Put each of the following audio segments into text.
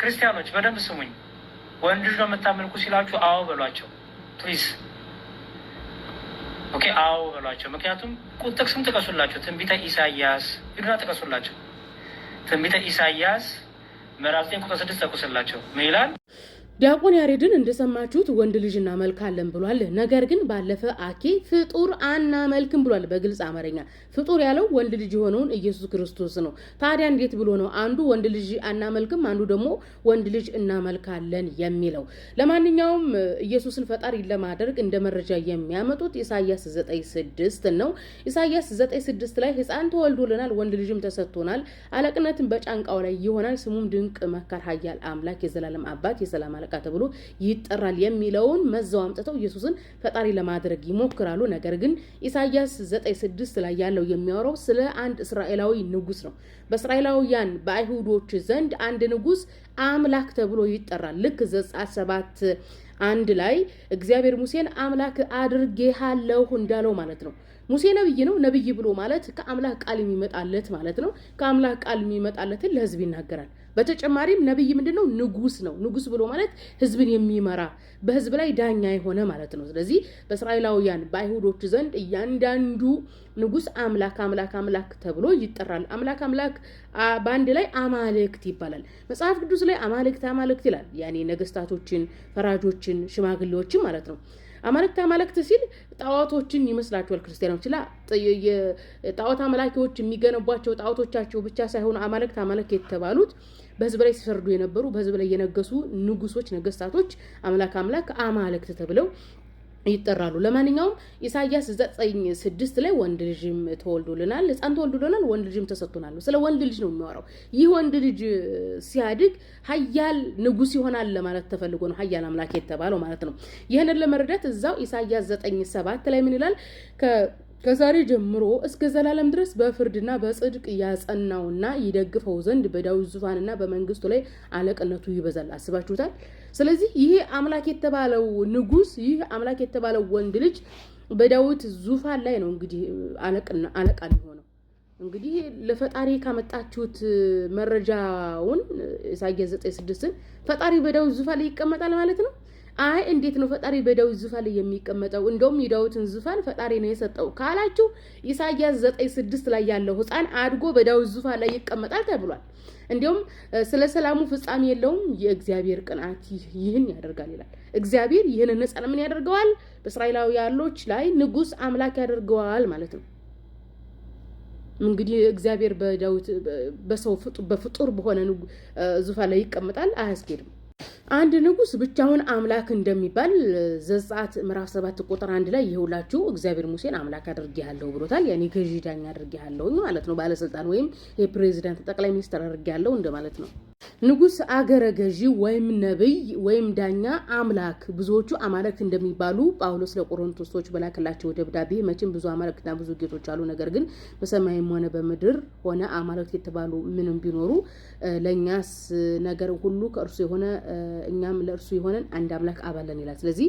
ክርስቲያኖች በደንብ ስሙኝ። ወንድ ነው የምታመልኩ ሲላችሁ አዎ በሏቸው ፕሊዝ። ኦኬ አዎ በሏቸው። ምክንያቱም ጥቅስም ጥቀሱላቸው። ትንቢተ ኢሳያስ ሂዱና ጥቀሱላቸው። ትንቢተ ኢሳያስ ምዕራፍ ዘጠኝ ቁጥር ስድስት ጠቁስላቸው ምን ይላል? ዲያቆን ያሬድን እንደሰማችሁት ወንድ ልጅ እናመልካለን ብሏል። ነገር ግን ባለፈ አኬ ፍጡር አናመልክም ብሏል በግልጽ አማርኛ። ፍጡር ያለው ወንድ ልጅ የሆነውን ኢየሱስ ክርስቶስ ነው። ታዲያ እንዴት ብሎ ነው አንዱ ወንድ ልጅ አናመልክም፣ አንዱ ደግሞ ወንድ ልጅ እናመልካለን የሚለው? ለማንኛውም ኢየሱስን ፈጣሪ ለማድረግ እንደ መረጃ የሚያመጡት ኢሳያስ 9፥6 ነው። ኢሳያስ 9፥6 ላይ ሕፃን ተወልዶልናል፣ ወንድ ልጅም ተሰጥቶናል፣ አለቅነትን በጫንቃው ላይ ይሆናል፣ ስሙም ድንቅ መካር፣ ኃያል አምላክ፣ የዘላለም አባት፣ የሰላም አለቃ ጸጋ ተብሎ ይጠራል የሚለውን መዘው አምጥተው ኢየሱስን ፈጣሪ ለማድረግ ይሞክራሉ። ነገር ግን ኢሳያስ 9:6 ላይ ያለው የሚያወራው ስለ አንድ እስራኤላዊ ንጉስ ነው። በእስራኤላውያን በአይሁዶች ዘንድ አንድ ንጉስ አምላክ ተብሎ ይጠራል። ልክ ዘጸአት ሰባት አንድ ላይ እግዚአብሔር ሙሴን አምላክ አድርጌሃለሁ እንዳለው ማለት ነው። ሙሴ ነብይ ነው። ነብይ ብሎ ማለት ከአምላክ ቃል የሚመጣለት ማለት ነው። ከአምላክ ቃል የሚመጣለትን ለህዝብ ይናገራል። በተጨማሪም ነቢይ ምንድነው? ንጉስ ነው። ንጉስ ብሎ ማለት ህዝብን የሚመራ በህዝብ ላይ ዳኛ የሆነ ማለት ነው። ስለዚህ በእስራኤላውያን በአይሁዶች ዘንድ እያንዳንዱ ንጉስ አምላክ አምላክ አምላክ ተብሎ ይጠራል። አምላክ አምላክ በአንድ ላይ አማልክት ይባላል። መጽሐፍ ቅዱስ ላይ አማልክት አማልክት ይላል። ያኔ ነገስታቶችን፣ ፈራጆችን፣ ሽማግሌዎችን ማለት ነው። አማልክት አማልክት ሲል ጣዖቶችን ይመስላችኋል ክርስቲያኖች? ላ ጣዖት አመላኪዎች የሚገነቧቸው ጣዖቶቻቸው ብቻ ሳይሆኑ አማልክት አማልክት የተባሉት በህዝብ ላይ ሲፈርዱ የነበሩ በህዝብ ላይ የነገሱ ንጉሶች፣ ነገስታቶች አምላክ አምላክ አማልክት ተብለው ይጠራሉ። ለማንኛውም ኢሳያስ ዘጠኝ ስድስት ላይ ወንድ ልጅም ተወልዶልናል፣ ህፃን ተወልዶልናል፣ ወንድ ልጅም ተሰጥቶናል። ስለ ወንድ ልጅ ነው የሚያወራው። ይህ ወንድ ልጅ ሲያድግ ሀያል ንጉስ ይሆናል ለማለት ተፈልጎ ነው ሀያል አምላክ የተባለው ማለት ነው። ይህንን ለመረዳት እዛው ኢሳያስ ዘጠኝ ሰባት ላይ ምን ይላል? ከዛሬ ጀምሮ እስከ ዘላለም ድረስ በፍርድና በጽድቅ ያጸናውና ይደግፈው ዘንድ በዳዊት ዙፋንና በመንግስቱ ላይ አለቅነቱ ይበዛል። አስባችሁታል? ስለዚህ ይህ አምላክ የተባለው ንጉስ፣ ይህ አምላክ የተባለው ወንድ ልጅ በዳዊት ዙፋን ላይ ነው እንግዲህ አለቃ ሊሆነው። እንግዲህ ለፈጣሪ ካመጣችሁት መረጃውን ኢሳይያስ ዘጠኝ ስድስትን ፈጣሪ በዳዊት ዙፋን ላይ ይቀመጣል ማለት ነው። አይ እንዴት ነው ፈጣሪ በዳዊት ዙፋን ላይ የሚቀመጠው? እንደውም የዳዊትን ዙፋን ፈጣሪ ነው የሰጠው ካላችሁ ኢሳያስ ዘጠኝ ስድስት ላይ ያለው ሕፃን አድጎ በዳዊት ዙፋን ላይ ይቀመጣል ተብሏል። እንዲሁም ስለ ሰላሙ ፍጻሜ የለውም፣ የእግዚአብሔር ቅንዓት ይህን ያደርጋል ይላል። እግዚአብሔር ይህንን ሕፃን ምን ያደርገዋል? በእስራኤላዊ ያሎች ላይ ንጉስ አምላክ ያደርገዋል ማለት ነው። እንግዲህ እግዚአብሔር በዳዊት በሰው በፍጡር በሆነ ዙፋን ላይ ይቀመጣል አያስኬድም። አንድ ንጉስ ብቻውን አምላክ እንደሚባል ዘጸአት ምዕራፍ ሰባት ቁጥር አንድ ላይ ይኸውላችሁ እግዚአብሔር ሙሴን አምላክ አድርጌሃለሁ ብሎታል። ያኔ ገዢ ዳኛ አድርጌሃለሁ ማለት ነው። ባለስልጣን ወይም የፕሬዚዳንት ጠቅላይ ሚኒስትር አድርጌሃለሁ እንደማለት ነው። ንጉስ አገረ ገዢ ወይም ነብይ ወይም ዳኛ አምላክ ብዙዎቹ አማልክት እንደሚባሉ ጳውሎስ ለቆሮንቶሶች በላከላቸው ደብዳቤ መቼም ብዙ አማልክትና ብዙ ጌቶች አሉ፣ ነገር ግን በሰማይም ሆነ በምድር ሆነ አማልክት የተባሉ ምንም ቢኖሩ ለእኛስ ነገር ሁሉ ከእርሱ የሆነ እኛም ለእርሱ የሆነን አንድ አምላክ አባለን ይላል። ስለዚህ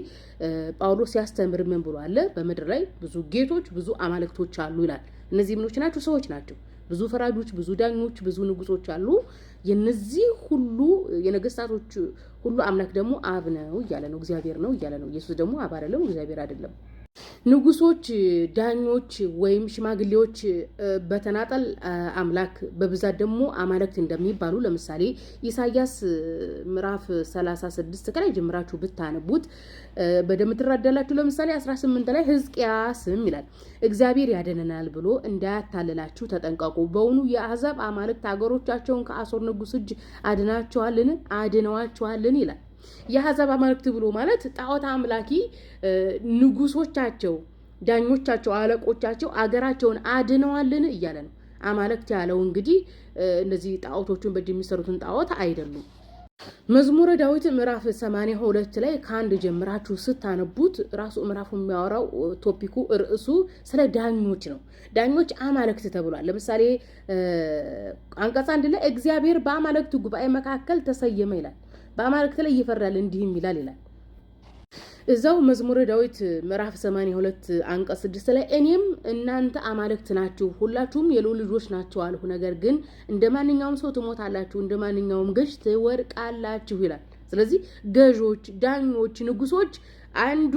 ጳውሎስ ያስተምር ምን ብሎ አለ? በምድር ላይ ብዙ ጌቶች ብዙ አማልክቶች አሉ ይላል። እነዚህ ምኖች ናቸው? ሰዎች ናቸው። ብዙ ፈራጆች፣ ብዙ ዳኞች፣ ብዙ ንጉሶች አሉ። የነዚህ ሁሉ የነገስታቶች ሁሉ አምላክ ደግሞ አብ ነው እያለ ነው፣ እግዚአብሔር ነው እያለ ነው። ኢየሱስ ደግሞ አብ አይደለም፣ እግዚአብሔር አይደለም። ንጉሶች፣ ዳኞች ወይም ሽማግሌዎች በተናጠል አምላክ በብዛት ደግሞ አማልክት እንደሚባሉ ለምሳሌ ኢሳያስ ምዕራፍ 36 ከላይ ጀምራችሁ ብታነቡት በደምብ ትራዳላችሁ። ለምሳሌ 18 ላይ ሕዝቅያስም ይላል እግዚአብሔር ያደነናል ብሎ እንዳያታልላችሁ ተጠንቀቁ። በውኑ የአሕዛብ አማልክት አገሮቻቸውን ከአሶር ንጉስ እጅ አድናቸዋልን አድነዋቸዋልን ይላል። የአሕዛብ አማልክት ብሎ ማለት ጣዖት አምላኪ ንጉሶቻቸው፣ ዳኞቻቸው፣ አለቆቻቸው አገራቸውን አድነዋልን እያለ ነው። አማልክት ያለው እንግዲህ እነዚህ ጣዖቶቹን በእጅ የሚሰሩትን ጣዖት አይደሉም። መዝሙረ ዳዊት ምዕራፍ 82 ላይ ከአንድ ጀምራችሁ ስታነቡት ራሱ ምዕራፉ የሚያወራው ቶፒኩ ርዕሱ ስለ ዳኞች ነው። ዳኞች አማልክት ተብሏል። ለምሳሌ አንቀጽ አንድ ላይ እግዚአብሔር በአማልክት ጉባኤ መካከል ተሰየመ ይላል። በአማልክት ላይ ይፈርዳል እንዲህም ይላል ይላል እዛው መዝሙረ ዳዊት ምዕራፍ 82 አንቀጽ 6 ላይ እኔም እናንተ አማልክት ናችሁ፣ ሁላችሁም የልዑል ልጆች ናችሁ አልሁ። ነገር ግን እንደ ማንኛውም ሰው ትሞታላችሁ፣ እንደ ማንኛውም ገዥ ትወርቃላችሁ ይላል። ስለዚህ ገዦች፣ ዳኞች፣ ንጉሶች አንዱ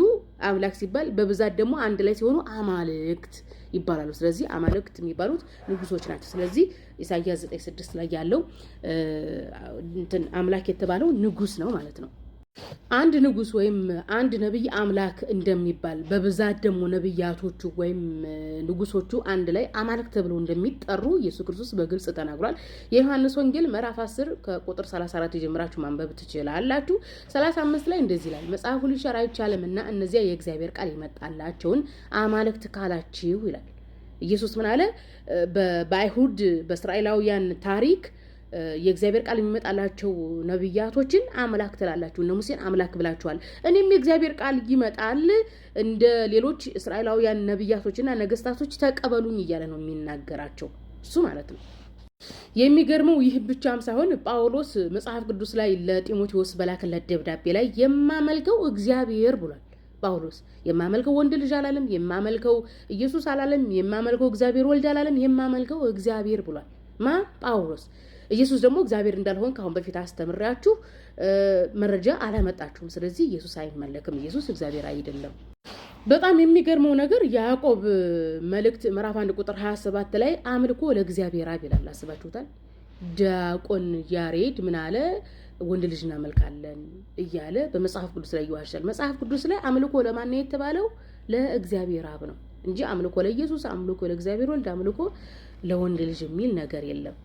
አምላክ ሲባል በብዛት ደግሞ አንድ ላይ ሲሆኑ አማልክት ይባላሉ። ስለዚህ አማልክት የሚባሉት ንጉሶች ናቸው። ስለዚህ ኢሳያስ 9 ስድስት ላይ ያለው አምላክ የተባለው ንጉስ ነው ማለት ነው። አንድ ንጉስ ወይም አንድ ነቢይ አምላክ እንደሚባል በብዛት ደግሞ ነቢያቶቹ ወይም ንጉሶቹ አንድ ላይ አማልክ ተብለው እንደሚጠሩ ኢየሱስ ክርስቶስ በግልጽ ተናግሯል። የዮሐንስ ወንጌል ምዕራፍ 10 ከቁጥር 34 ጀምራችሁ ማንበብ ትችላላችሁ። 35 ላይ እንደዚህ ይላል፣ መጽሐፉ ሊሻር አይቻልምና እነዚያ የእግዚአብሔር ቃል የመጣላቸውን አማልክት ካላችሁ ይላል። ኢየሱስ ምን አለ? በአይሁድ በእስራኤላውያን ታሪክ የእግዚአብሔር ቃል የሚመጣላቸው ነብያቶችን አምላክ ትላላችሁ፣ እነ ሙሴን አምላክ ብላችኋል። እኔም የእግዚአብሔር ቃል ይመጣል እንደ ሌሎች እስራኤላውያን ነብያቶችና ነገስታቶች ተቀበሉኝ እያለ ነው የሚናገራቸው እሱ ማለት ነው። የሚገርመው ይህ ብቻም ሳይሆን ጳውሎስ መጽሐፍ ቅዱስ ላይ ለጢሞቴዎስ በላከለት ደብዳቤ ላይ የማመልከው እግዚአብሔር ብሏል። ጳውሎስ የማመልከው ወንድ ልጅ አላለም፣ የማመልከው ኢየሱስ አላለም፣ የማመልከው እግዚአብሔር ወልድ አላለም፣ የማመልከው እግዚአብሔር ብሏል። ማ ጳውሎስ ኢየሱስ ደግሞ እግዚአብሔር እንዳልሆን ከአሁን በፊት አስተምሪያችሁ መረጃ አላመጣችሁም። ስለዚህ ኢየሱስ አይመለክም፣ ኢየሱስ እግዚአብሔር አይደለም። በጣም የሚገርመው ነገር የያዕቆብ መልእክት ምዕራፍ አንድ ቁጥር 27 ላይ አምልኮ ለእግዚአብሔር አብ ይላል። አስባችሁታል? ዲያቆን ያሬድ ምን አለ? ወንድ ልጅ እናመልካለን እያለ በመጽሐፍ ቅዱስ ላይ ይዋሻል። መጽሐፍ ቅዱስ ላይ አምልኮ ለማን ነው የተባለው? ለእግዚአብሔር አብ ነው እንጂ አምልኮ ለኢየሱስ፣ አምልኮ ለእግዚአብሔር ወልድ፣ አምልኮ ለወንድ ልጅ የሚል ነገር የለም።